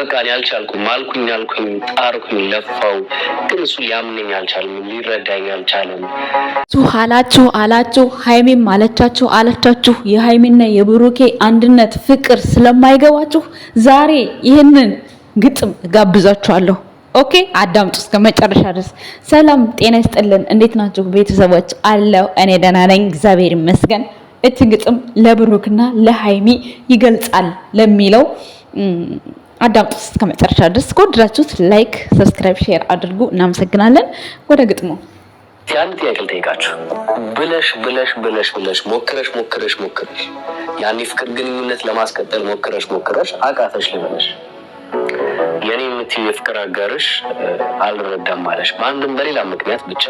በቃ እኔ አልቻልኩም፣ አልኩኝ አልኩኝ፣ ጣርኩኝ፣ ለፋው፣ ግን እሱ ሊያምነኝ አልቻለም፣ ሊረዳኝ አልቻለም። አላችሁ አላችሁ ሀይሜም አለቻችሁ አለቻችሁ የሀይሜና የብሩኬ አንድነት ፍቅር ስለማይገባችሁ ዛሬ ይህንን ግጥም ጋብዛችኋለሁ። ኦኬ አዳምጡ እስከ መጨረሻ ድረስ። ሰላም ጤና ይስጥልን። እንዴት ናችሁ ቤተሰቦች? አለው እኔ ደህና ነኝ እግዚአብሔር ይመስገን። እች ግጥም ለብሩክና ለሀይሚ ይገልጻል ለሚለው አዳምጡት እስከ መጨረሻ ድረስ። ከወደዳችሁት ላይክ፣ ሰብስክራይብ፣ ሼር አድርጉ። እናመሰግናለን። ወደ ግጥሙ ያን ጥያቄ ልጠይቃችሁ። ብለሽ ብለሽ ብለሽ ብለሽ ሞክረሽ ሞክረሽ ሞክረሽ ያን የፍቅር ግንኙነት ለማስቀጠል ሞክረሽ ሞክረሽ አቃተሽ ልበለሽ የኔ የምትይው የፍቅር አጋርሽ አልረዳም ማለሽ በአንድም በሌላ ምክንያት ብቻ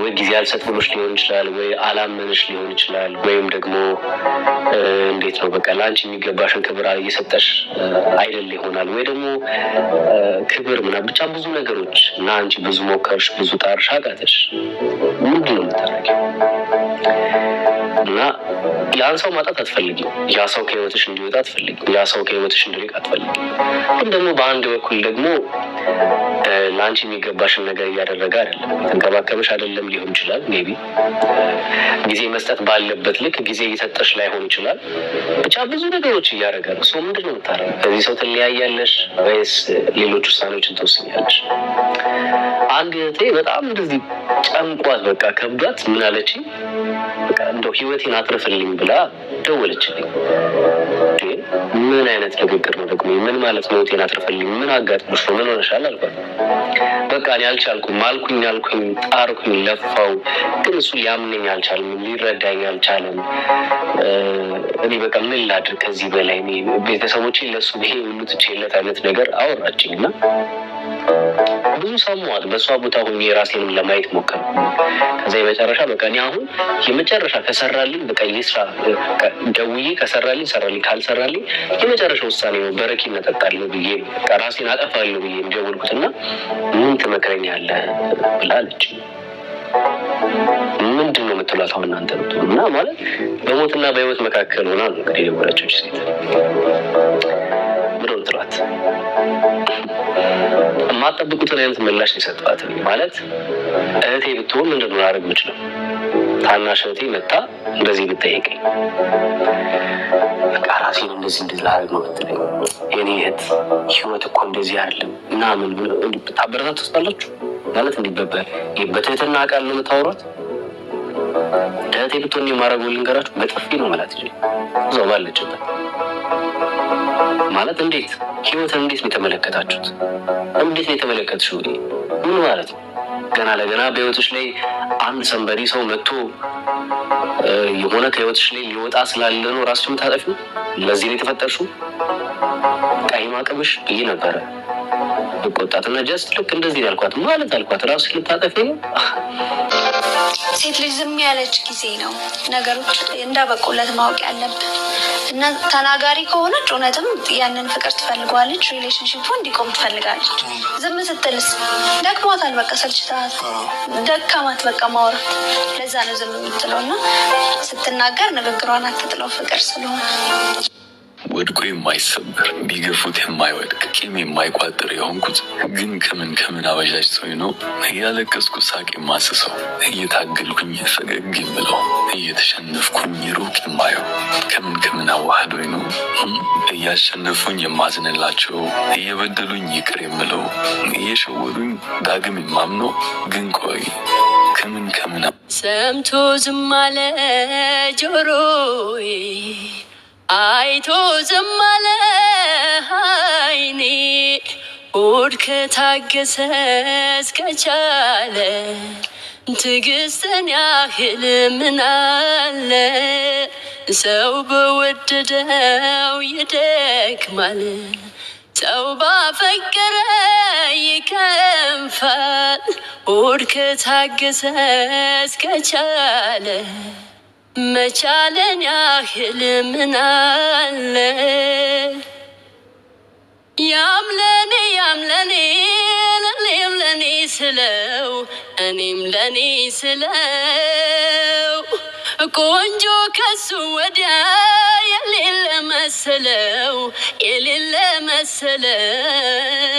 ወይ ጊዜ አልሰጥምሽ ሊሆን ይችላል፣ ወይ አላመንሽ ሊሆን ይችላል፣ ወይም ደግሞ እንዴት ነው በቃ ለአንቺ የሚገባሽን ክብር እየሰጠሽ አይደል ይሆናል፣ ወይ ደግሞ ክብር ምናምን ብቻ ብዙ ነገሮች እና አንቺ ብዙ ሞከርሽ፣ ብዙ ጣርሽ፣ አቃተሽ ምንድን ነው የምታደርጊው? እና ያን ሰው ማጣት አትፈልጊም። ያ ሰው ከህይወትሽ እንዲወጣ አትፈልጊም። ያ ሰው ከህይወትሽ እንዲርቅ አትፈልጊም። ግን ደግሞ በአንድ በኩል ደግሞ ለአንቺ የሚገባሽን ነገር እያደረገ አይደለም፣ የተንከባከበሽ አይደለም ሊሆን ይችላል። ሜይ ቢ ጊዜ መስጠት ባለበት ልክ ጊዜ እየሰጠሽ ላይሆን ይችላል። ብቻ ብዙ ነገሮች እያደረገ ነው። ሰው ምንድን ነው የምታረ ከዚህ ሰው ትለያያለሽ ወይስ ሌሎች ውሳኔዎችን ትወስኛለሽ? አንድ እህቴ በጣም እንደዚህ ጨንቋት በቃ ከብዷት ምን አለችኝ በቃ እንደው ህይወቴን አትርፍልኝ ብላ ደወለችልኝ። ምን አይነት ንግግር ነው ደግሞ? ምን ማለት ነው ህይወቴን አትርፍልኝ? ምን አጋጥሞሽ ነው? ምን ሆነሻል? አልኳት። በቃ እኔ አልቻልኩም፣ አልኩኝ አልኩኝ፣ ጣርኩኝ፣ ለፋው፣ ግን እሱ ሊያምነኝ አልቻለም፣ ሊረዳኝ አልቻለም። እኔ በቃ ምን ላድርግ ከዚህ በላይ ቤተሰቦች ለሱ ብሄ የምትችለት አይነት ነገር አወራችኝ እና ብዙ ሰሟዋል። በእሷ ቦታ ሁኜ ራሴንም ለማየት ሞከር። ከዛ የመጨረሻ በቃ እኔ አሁን የመጨረሻ ከሰራልኝ በቃ ይስራ ደውዬ ከሰራልኝ ሰራልኝ፣ ካልሰራልኝ የመጨረሻ ውሳኔ ነው በረኪ እጠጣለሁ ብዬ ራሴን አጠፋለሁ ብዬ እንደወልኩት እና ምን ትመክረኛለህ ብላለች። ምንድን ነው የምትሏት? አሁን እናንተ እና ማለት በሞትና በህይወት መካከል ሆና ነው እንግዲህ የወለደችው ሴት ምንድን ነው የምትሏት? የማጠብቁትን አይነት ምላሽ የሰጧት ማለት እህቴ ብትሆን ምንድን ነው ላደርግ የምችለው? ታናሽ እህቴ መታ እንደዚህ ብጠይቅ በቃ ራሴን እንደዚህ እንደዚህ ላረግ ነው ብትለኝ የኔ እህት ህይወት እኮ እንደዚህ አይደለም ምናምን ታበረታት ትወስጣላችሁ ማለት እንዲበበር በትህትና ቃል ነው የምታወሯት። እህቴ ብትሆን የማደርገው ልንገራችሁ፣ በጥፊ ነው ማለት እዛው ባለችበት ማለት እንዴት ህይወትን እንዴት ነው የተመለከታችሁት? እንዴት ነው የተመለከትሽው? ምን ማለት ነው? ገና ለገና በህይወትሽ ላይ አንድ ሰንበሪ ሰው መጥቶ የሆነ ከህይወትሽ ላይ ሊወጣ ስላለ ነው ራስሽ የምታጠፊው? ለዚህ ነው የተፈጠርሽው? ቀይ ማቅብሽ ብዬ ነበረ ልቆጣትና ጀስት ልክ እንደዚህ ያልኳት ማለት አልኳት ራሱ ልታጠፊ ነው ሴት ልጅ ዝም ያለች ጊዜ ነው ነገሮች እንዳበቁለት ማወቅ ያለብን እና ተናጋሪ ከሆነች እውነትም ያንን ፍቅር ትፈልገዋለች፣ ሪሌሽንሽፑ እንዲቆም ትፈልጋለች። ዝም ስትልስ ደክሟታል፣ በቃ ሰልችታት፣ ደካማት፣ በቃ ማወር። ለዛ ነው ዝም የምትለው እና ስትናገር ንግግሯን አትጥለው ፍቅር ስለሆነ ወድቆ የማይሰበር ቢገፉት የማይወድቅ ቂም የማይቋጥር የሆንኩት ግን ከምን ከምን አበዣጭ ሰው ነው። እያለቀስኩ ሳቅ የማስሰው እየታገልኩኝ ፈገግ የምለው እየተሸነፍኩኝ ሩቅ የማየው ከምን ከምን አዋህዶ ነው። እያሸነፉኝ የማዝንላቸው እየበደሉኝ ይቅር የምለው እየሸወዱኝ ዳግም የማምነው ግን ቆይ ከምን ከምን ሰምቶ ዝም አለ ጆሮዬ አይቶ ዝም አለ አይኔ ሆድ ከታገሰ እስከቻለ ትዕግስትን ያህል ምን አለ ሰው በወደደው ይደክማል። ሰው ባፈቀረ ይከንፋል። ሆድ ከታገሰ እስከቻለ መቻለን ያህል ምን አለ ያምለኔ ያምለኔ ለኔም ለኔ ስለው እኔም ለኔ ስለው ቆንጆ ከሱ ወዲያ የሌለ መሰለው የሌለ መሰለው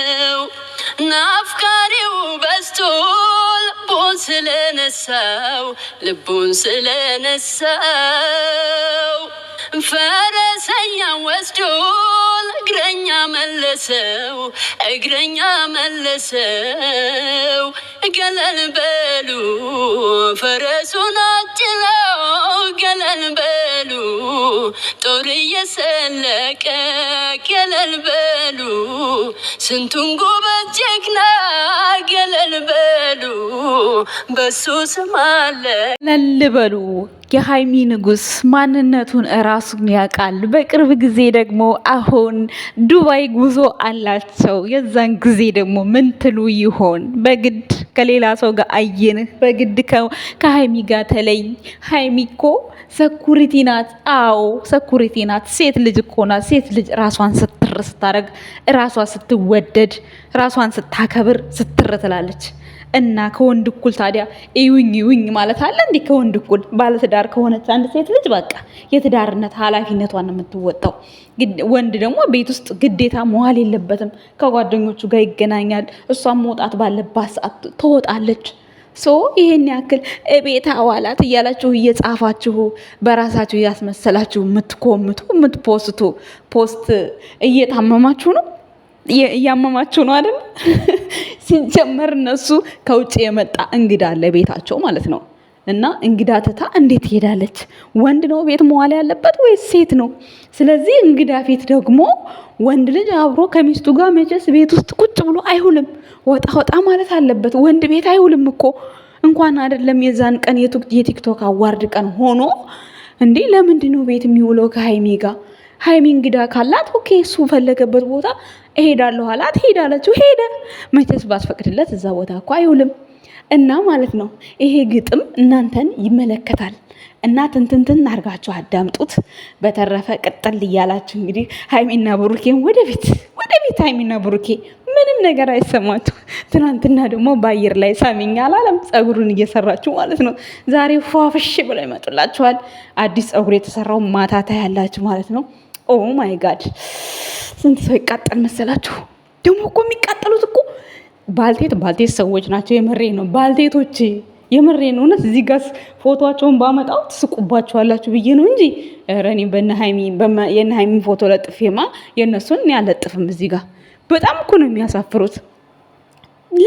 ስለነሳው ልቡን ስለነሳው ፈረሰኛ ወስዶ እግረኛ መለሰው እግረኛ መለሰው ገለል በሉ ፈረሱን አጭነው ገለል በሉ ጦር እየሰለቀ ገለል በሉ ስንቱን ጀግና ገለል በሉ በሱ ስም አለ ገለል በሉ። የሀይሚ ንጉስ ማንነቱን እራሱን ያውቃል። በቅርብ ጊዜ ደግሞ አሁን ዱባይ ጉዞ አላቸው። የዛን ጊዜ ደግሞ ምን ትሉ ይሆን በግድ ከሌላ ሰው ጋር አየንህ፣ በግድ ከሀይሚ ጋር ተለይ። ሀይሚ እኮ ሰኩሪቲ ናት። አዎ ሰኩሪቲ ናት። ሴት ልጅ እኮ ናት። ሴት ልጅ ራሷን ስትር ስታደርግ፣ ራሷ ስትወደድ፣ ራሷን ስታከብር ስትር ትላለች። እና ከወንድ እኩል ታዲያ እዩኝ እዩኝ ማለት አለ እንዴ? ከወንድ እኩል ባለትዳር ከሆነች አንድ ሴት ልጅ በቃ የትዳርነት ኃላፊነቷን የምትወጣው። ወንድ ደግሞ ቤት ውስጥ ግዴታ መዋል የለበትም። ከጓደኞቹ ጋር ይገናኛል። እሷም መውጣት ባለባት ሰዓት ትወጣለች። ሶ ይሄን ያክል እቤት አዋላት እያላችሁ እየጻፋችሁ በራሳችሁ እያስመሰላችሁ የምትኮምቱ የምትፖስቱ ፖስት እየታመማችሁ ነው። እያመማቸው ነው አይደል? ሲጀመር እነሱ ከውጭ የመጣ እንግዳ አለ ቤታቸው ማለት ነው። እና እንግዳ ትታ እንዴት ትሄዳለች? ወንድ ነው ቤት መዋል ያለበት ወይስ ሴት ነው? ስለዚህ እንግዳ ፊት ደግሞ ወንድ ልጅ አብሮ ከሚስቱ ጋር መቼስ ቤት ውስጥ ቁጭ ብሎ አይውልም። ወጣ ወጣ ማለት አለበት። ወንድ ቤት አይውልም እኮ እንኳን አይደለም የዛን ቀን የቲክቶክ አዋርድ ቀን ሆኖ እንዴ፣ ለምንድን ነው ቤት የሚውለው ከሀይሚ ጋር ሀይሚ እንግዳ ካላት ኦኬ፣ እሱ ፈለገበት ቦታ እሄዳለሁ አላት። ሄዳለችው ሄደ። መቼስ ባስፈቅድለት እዛ ቦታ እኮ አይውልም። እና ማለት ነው ይሄ ግጥም እናንተን ይመለከታል እና ትንትንትን አድርጋችሁ አዳምጡት። በተረፈ ቅጥል እያላችሁ እንግዲህ ሀይሚና ብሩኬን ወደፊት ወደፊት ሀይሚና ብሩኬ ምንም ነገር አይሰማችሁ። ትናንትና ደግሞ በአየር ላይ ሳሚኝ አላለም፣ ፀጉሩን እየሰራችሁ ማለት ነው። ዛሬ ፏፍሽ ብለው ይመጡላችኋል። አዲስ ፀጉር የተሰራው ማታታ ያላችሁ ማለት ነው። ኦ ማይ ጋድ ስንት ሰው ይቃጠል መሰላችሁ? ደግሞ እኮ የሚቃጠሉት እኮ ባልቴት ባልቴት ሰዎች ናቸው። የምሬ ነው ባልቴቶች የምሬ ነው እውነት። እዚህ ጋር ፎቶቸውን ባመጣው ትስቁባቸዋላችሁ ብዬ ነው እንጂ ረኔ እኔ የእነ ፎቶ ለጥፌማ የእነሱን እኔ አለጥፍም። እዚህ ጋር በጣም እኮ ነው የሚያሳፍሩት።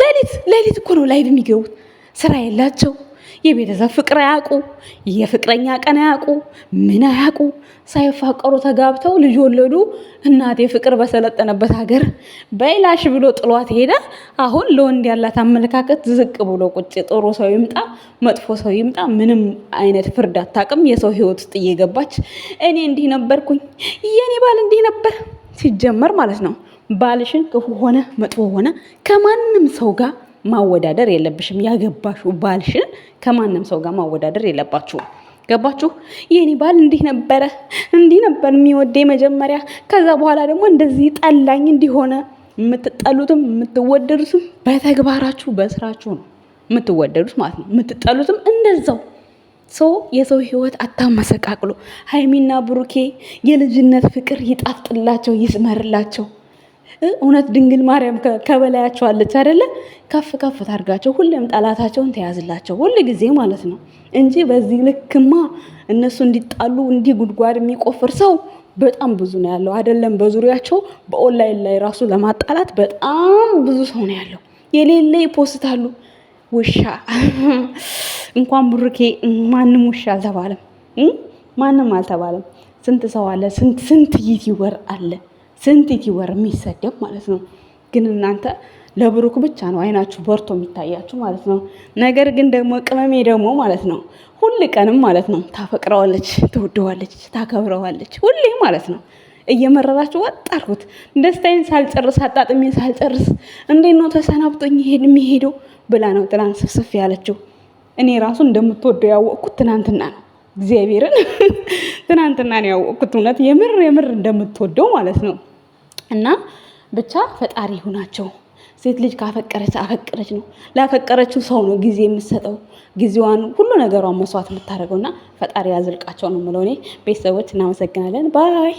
ሌሊት ሌሊት እኮ ነው ላይቭ የሚገቡት ስራ የላቸው የቤተሰብ ፍቅር አያውቁ፣ የፍቅረኛ ቀን አያውቁ፣ ምን አያውቁ። ሳይፋቀሩ ተጋብተው ልጅ ወለዱ። እናቴ ፍቅር በሰለጠነበት ሀገር በይላሽ ብሎ ጥሏት ሄደ። አሁን ለወንድ ያላት አመለካከት ዝቅ ብሎ ቁጭ። ጥሩ ሰው ይምጣ መጥፎ ሰው ይምጣ ምንም አይነት ፍርድ አታውቅም። የሰው ህይወት ውስጥ እየገባች እኔ እንዲህ ነበርኩኝ፣ የኔ ባል እንዲህ ነበር ሲጀመር ማለት ነው። ባልሽን ክፉ ሆነ መጥፎ ሆነ ከማንም ሰው ጋር ማወዳደር የለብሽም። ያገባሽው ባልሽን ከማንም ሰው ጋር ማወዳደር የለባችሁም። ገባችሁ? የኔ ባል እንዲህ ነበረ እንዲህ ነበር የሚወደ መጀመሪያ፣ ከዛ በኋላ ደግሞ እንደዚህ ጠላኝ እንዲሆነ። የምትጠሉትም የምትወደዱትም በተግባራችሁ በስራችሁ ነው የምትወደዱት ማለት ነው። የምትጠሉትም እንደዛው ሰው የሰው ህይወት አታመሰቃቅሎ። ሀይሚና ብሩኬ የልጅነት ፍቅር ይጣፍጥላቸው፣ ይስመርላቸው። እውነት ድንግል ማርያም ከበላያቸው አለች አይደለ? ከፍ ከፍ ታርጋቸው፣ ሁሌም ጠላታቸውን ተያዝላቸው፣ ሁል ጊዜ ማለት ነው እንጂ በዚህ ልክማ እነሱ እንዲጣሉ እንዲህ ጉድጓድ የሚቆፍር ሰው በጣም ብዙ ነው ያለው። አይደለም በዙሪያቸው በኦንላይን ላይ ራሱ ለማጣላት በጣም ብዙ ሰው ነው ያለው። የሌለ ይፖስታሉ። ውሻ እንኳን ብሩኬ ማንም ውሻ አልተባለም፣ ማንም አልተባለም። ስንት ሰው አለ፣ ስንት ስንት ዩቲዩበር አለ። ስንት ወር የሚሰደብ ማለት ነው። ግን እናንተ ለብሩክ ብቻ ነው አይናችሁ በርቶ የሚታያችሁ ማለት ነው። ነገር ግን ደግሞ ቅመሜ ደግሞ ማለት ነው ሁል ቀንም ማለት ነው ታፈቅረዋለች፣ ትወደዋለች፣ ታከብረዋለች ሁሌ ማለት ነው። እየመረራችሁ ወጣርኩት አልኩት ደስታዬን ሳልጨርስ አጣጥሜ ሳልጨርስ እንዴት ነው ተሰናብጦኝ ይሄድ የሚሄደው ብላ ነው ጥላን ስፍስፍ ያለችው። እኔ ራሱ እንደምትወደው ያወቅኩት ትናንትና ነው። እግዚአብሔርን ትናንትና ነው ያወቅኩት። እውነት የምር የምር እንደምትወደው ማለት ነው። እና ብቻ ፈጣሪ ይሁናቸው። ሴት ልጅ ካፈቀረች አፈቀረች ነው። ላፈቀረችው ሰው ነው ጊዜ የምትሰጠው፣ ጊዜዋን ሁሉ ነገሯን መስዋዕት የምታደርገው እና ፈጣሪ ያዝልቃቸው ነው የምለው እኔ። ቤተሰቦች እናመሰግናለን ባይ